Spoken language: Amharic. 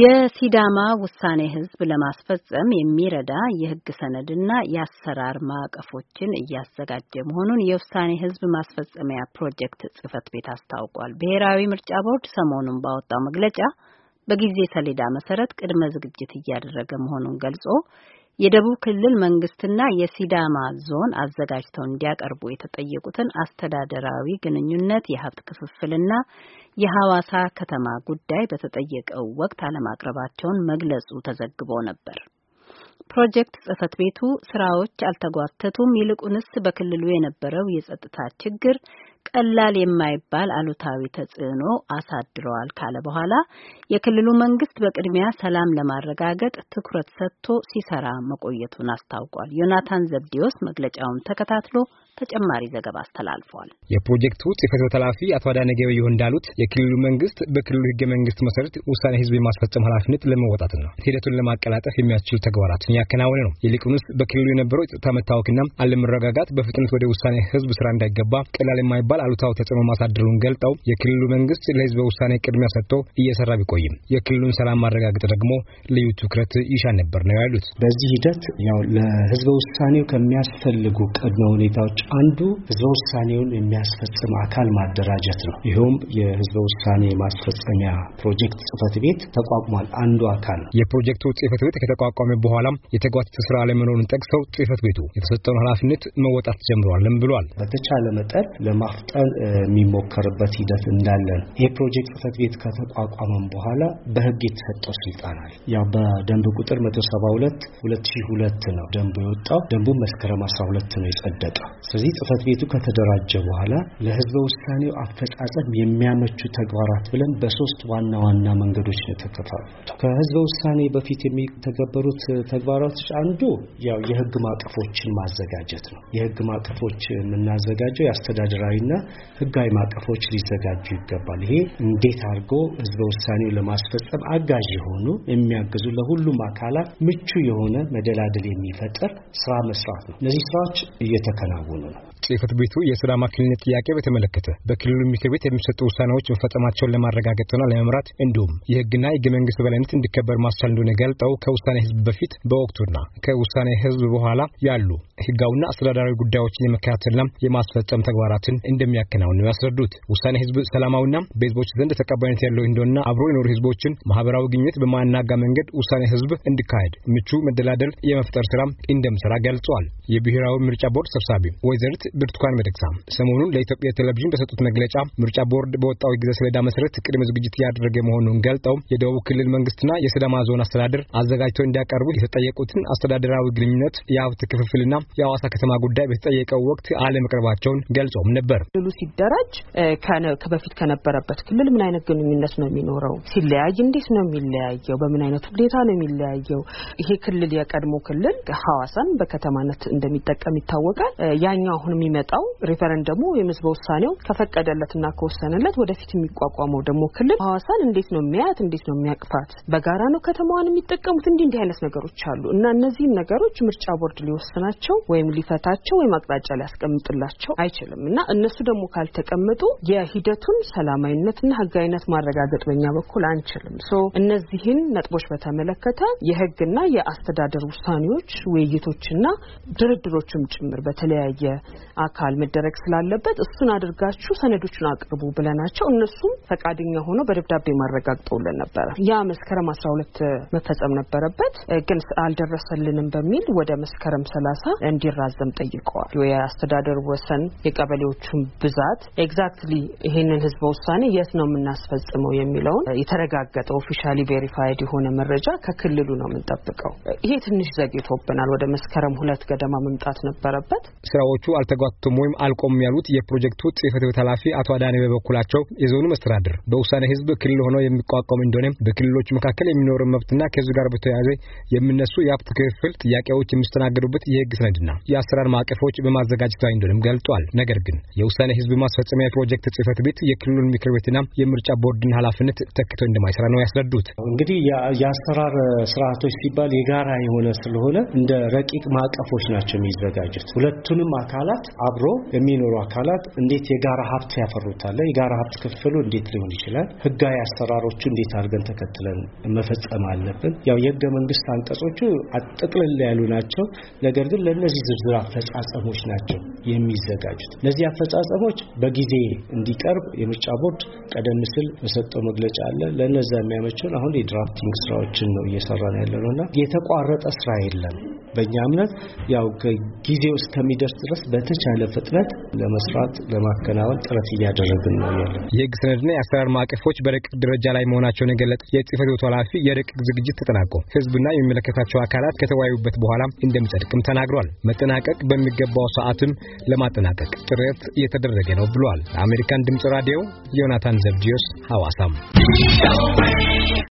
የሲዳማ ውሳኔ ህዝብ ለማስፈጸም የሚረዳ የህግ ሰነድና የአሰራር ማዕቀፎችን እያዘጋጀ መሆኑን የውሳኔ ህዝብ ማስፈጸሚያ ፕሮጀክት ጽህፈት ቤት አስታውቋል። ብሔራዊ ምርጫ ቦርድ ሰሞኑን ባወጣው መግለጫ በጊዜ ሰሌዳ መሰረት ቅድመ ዝግጅት እያደረገ መሆኑን ገልጾ የደቡብ ክልል መንግስትና የሲዳማ ዞን አዘጋጅተው እንዲያቀርቡ የተጠየቁትን አስተዳደራዊ ግንኙነት፣ የሀብት ክፍፍልና የሐዋሳ ከተማ ጉዳይ በተጠየቀው ወቅት አለማቅረባቸውን መግለጹ ተዘግቦ ነበር። ፕሮጀክት ጽህፈት ቤቱ ስራዎች አልተጓተቱም፣ ይልቁንስ በክልሉ የነበረው የጸጥታ ችግር ቀላል የማይባል አሉታዊ ተጽዕኖ አሳድረዋል ካለ በኋላ የክልሉ መንግስት በቅድሚያ ሰላም ለማረጋገጥ ትኩረት ሰጥቶ ሲሰራ መቆየቱን አስታውቋል። ዮናታን ዘብዲዮስ መግለጫውን ተከታትሎ ተጨማሪ ዘገባ አስተላልፏል። የፕሮጀክቱ ጽህፈት ቤት ኃላፊ አቶ አዳነ ገበየሁ እንዳሉት የክልሉ መንግስት በክልሉ ህገ መንግስት መሰረት ውሳኔ ህዝብ የማስፈጸም ኃላፊነት ለመወጣት ነው ሂደቱን ለማቀላጠፍ የሚያስችሉ ተግባራትን ያከናወነ ነው። ይልቁንስ በክልሉ የነበረው የጸጥታ መታወክና አለመረጋጋት በፍጥነት ወደ ውሳኔ ህዝብ ስራ እንዳይገባ ቀላል የማይባል አሉታዊ ተጽዕኖ ማሳደሩን ገልጠው የክልሉ መንግስት ለህዝበ ውሳኔ ቅድሚያ ሰጥቶ እየሰራ ቢቆይም የክልሉን ሰላም ማረጋገጥ ደግሞ ልዩ ትኩረት ይሻ ነበር ነው ያሉት። በዚህ ሂደት ያው ለህዝበ ውሳኔው ከሚያስፈልጉ ቅድመ ሁኔታዎች አንዱ ህዝበ ውሳኔውን የሚያስፈጽም አካል ማደራጀት ነው። ይኸውም የህዝበ ውሳኔ ማስፈጸሚያ ፕሮጀክት ጽህፈት ቤት ተቋቁሟል። አንዱ አካል ነው። የፕሮጀክቱ ጽህፈት ቤት ከተቋቋመ በኋላም የተጓተተ ስራ አለመኖሩን ጠቅሰው ጽህፈት ቤቱ የተሰጠውን ኃላፊነት መወጣት ጀምሯልም ብሏል። በተቻለ መጠን ለማፍጠን የሚሞከርበት ሂደት እንዳለ ነው። ይህ ፕሮጀክት ጽህፈት ቤት ከተቋቋመም በኋላ በህግ የተሰጠው ስልጣን አለ። ያው በደንብ ቁጥር 172 2002 ነው ደንቡ የወጣው። ደንቡ መስከረም 12 ነው የጸደቀው። ስለዚህ ጽህፈት ቤቱ ከተደራጀ በኋላ ለህዝበ ውሳኔው አፈጻጸም የሚያመቹ ተግባራት ብለን በሶስት ዋና ዋና መንገዶች ነው የተከፋፈሉ። ከህዝበ ውሳኔ በፊት የሚተገበሩት ተግባራቶች አንዱ ያው የህግ ማቀፎችን ማዘጋጀት ነው። የህግ ማቀፎች የምናዘጋጀው የአስተዳደራዊና ህጋዊ ማቀፎች ሊዘጋጁ ይገባል። ይሄ እንዴት አድርጎ ህዝበ ውሳኔው ለማስፈጸም አጋዥ የሆኑ የሚያግዙ ለሁሉም አካላት ምቹ የሆነ መደላደል የሚፈጥር ስራ መስራት ነው። እነዚህ ስራዎች እየተከናወኑ ነው። ጽህፈት ቤቱ የሲዳማ ክልልን ጥያቄ በተመለከተ በክልሉ ምክር ቤት የሚሰጡ ውሳኔዎች መፈጸማቸውን ለማረጋገጥና ለመምራት እንዲሁም የህግና የህገ መንግስት በላይነት እንዲከበር ማስቻል እንደሆነ ገልጠው ከውሳኔ ህዝብ በፊት በወቅቱና ከውሳኔ ህዝብ በኋላ ያሉ ህጋዊና አስተዳዳራዊ ጉዳዮችን የመከታተልና የማስፈጸም ተግባራትን እንደሚያከናውን ነው ያስረዱት። ውሳኔ ህዝብ ሰላማዊና በህዝቦች ዘንድ ተቀባይነት ያለው እንደሆነና አብሮ የኖሩ ህዝቦችን ማህበራዊ ግኝት በማናጋ መንገድ ውሳኔ ህዝብ እንዲካሄድ ምቹ መደላደል የመፍጠር ስራ እንደምሰራ ገልጿል። የብሔራዊ ምርጫ ቦርድ ሰብሳቢ ወይዘሪት ብርቱካን መደግሳ ሰሞኑን ለኢትዮጵያ ቴሌቪዥን በሰጡት መግለጫ ምርጫ ቦርድ በወጣው ጊዜ ሰሌዳ መሰረት ቅድመ ዝግጅት እያደረገ መሆኑን ገልጠው የደቡብ ክልል መንግስትና የሲዳማ ዞን አስተዳደር አዘጋጅተው እንዲያቀርቡ የተጠየቁትን አስተዳደራዊ ግንኙነት፣ የሀብት ክፍፍልና የአዋሳ ከተማ ጉዳይ በተጠየቀው ወቅት አለመቅረባቸውን ገልጾም ነበር። ክልሉ ሲደራጅ በፊት ከነበረበት ክልል ምን አይነት ግንኙነት ነው የሚኖረው? ሲለያይ እንዴት ነው የሚለያየው? በምን አይነት ሁኔታ ነው የሚለያየው? ይሄ ክልል የቀድሞ ክልል ሀዋሳን በከተማነት እንደሚጠቀም ይታወቃል። ያኛው ይሄኛው አሁን የሚመጣው ሪፈረንደሙ ወይም ህዝበ ውሳኔው ከፈቀደለትና ከወሰነለት ወደፊት የሚቋቋመው ደግሞ ክልል ሀዋሳን እንዴት ነው የሚያያት? እንዴት ነው የሚያቅፋት? በጋራ ነው ከተማዋን የሚጠቀሙት? እንዲህ እንዲህ አይነት ነገሮች አሉ እና እነዚህን ነገሮች ምርጫ ቦርድ ሊወስናቸው ወይም ሊፈታቸው ወይም አቅጣጫ ሊያስቀምጥላቸው አይችልም እና እነሱ ደግሞ ካልተቀመጡ የሂደቱን ሰላማዊነትና ህጋዊነት ማረጋገጥ በኛ በኩል አንችልም። ሶ እነዚህን ነጥቦች በተመለከተ የህግና የአስተዳደር ውሳኔዎች ውይይቶችና ድርድሮችም ጭምር በተለያየ የአካል አካል መደረግ ስላለበት እሱን አድርጋችሁ ሰነዶቹን አቅርቡ ብለናቸው እነሱም ፈቃደኛ ሆኖ በደብዳቤ ማረጋግጠውልን ነበረ። ያ መስከረም አስራ ሁለት መፈጸም ነበረበት፣ ግን አልደረሰልንም በሚል ወደ መስከረም ሰላሳ እንዲራዘም ጠይቀዋል። የአስተዳደር ወሰን የቀበሌዎቹን ብዛት ኤግዛክትሊ ይህንን ህዝበ ውሳኔ የት ነው የምናስፈጽመው የሚለውን የተረጋገጠ ኦፊሻሊ ቬሪፋይድ የሆነ መረጃ ከክልሉ ነው የምንጠብቀው። ይሄ ትንሽ ዘግይቶብናል። ወደ መስከረም ሁለት ገደማ መምጣት ነበረበት። ስራዎቹ ስራዎቹ አልተጓተቱም ወይም አልቆም ያሉት የፕሮጀክቱ ጽህፈት ቤት ኃላፊ አቶ አዳኔ በበኩላቸው የዞኑ መስተዳድር በውሳኔ ህዝብ ክልል ሆኖ የሚቋቋም እንደሆነ በክልሎች መካከል የሚኖር መብትና ከህዝብ ጋር በተያያዘ የሚነሱ የሀብት ክፍል ጥያቄዎች የሚስተናገዱበት የህግ ሰነድና የአሰራር ማዕቀፎች በማዘጋጀት ላይ እንደሆነም ገልጧል። ነገር ግን የውሳኔ ህዝብ ማስፈጸሚያ የፕሮጀክት ጽህፈት ቤት የክልሉን ምክር ቤትና የምርጫ ቦርድን ኃላፊነት ተክቶ እንደማይሰራ ነው ያስረዱት። እንግዲህ የአሰራር ስርዓቶች ሲባል የጋራ የሆነ ስለሆነ እንደ ረቂቅ ማዕቀፎች ናቸው የሚዘጋጁት ሁለቱንም አካላት አብሮ የሚኖሩ አካላት እንዴት የጋራ ሀብት ያፈሩታል? የጋራ ሀብት ክፍሉ እንዴት ሊሆን ይችላል? ህጋዊ አሰራሮቹ እንዴት አድርገን ተከትለን መፈጸም አለብን? ያው የህገ መንግስት አንቀጾቹ አጠቅልል ያሉ ናቸው። ነገር ግን ለእነዚህ ዝርዝር አፈጻጸሞች ናቸው የሚዘጋጁት። እነዚህ አፈጻጸሞች በጊዜ እንዲቀርብ የምርጫ ቦርድ ቀደም ሲል በሰጠው መግለጫ አለ። ለእነዛ የሚያመቸውን አሁን የድራፍቲንግ ስራዎችን ነው እየሰራ ነው ያለ ነው እና የተቋረጠ ስራ የለም። በእኛ እምነት ያው ከጊዜው እስከሚደርስ ድረስ ድረስ በተቻለ ፍጥነት ለመስራት ለማከናወን ጥረት እያደረግን ነው ያለ የህግ ሰነድና የአሰራር ማዕቀፎች በረቂቅ ደረጃ ላይ መሆናቸውን የገለጡት የጽህፈት ቤቱ ኃላፊ የረቂቅ ዝግጅት ተጠናቆ ህዝብና የሚመለከታቸው አካላት ከተወያዩበት በኋላ እንደሚጸድቅም ተናግሯል። መጠናቀቅ በሚገባው ሰዓትም ለማጠናቀቅ ጥረት እየተደረገ ነው ብሏል። ለአሜሪካን ድምጽ ራዲዮ ዮናታን ዘብዲዮስ ሐዋሳም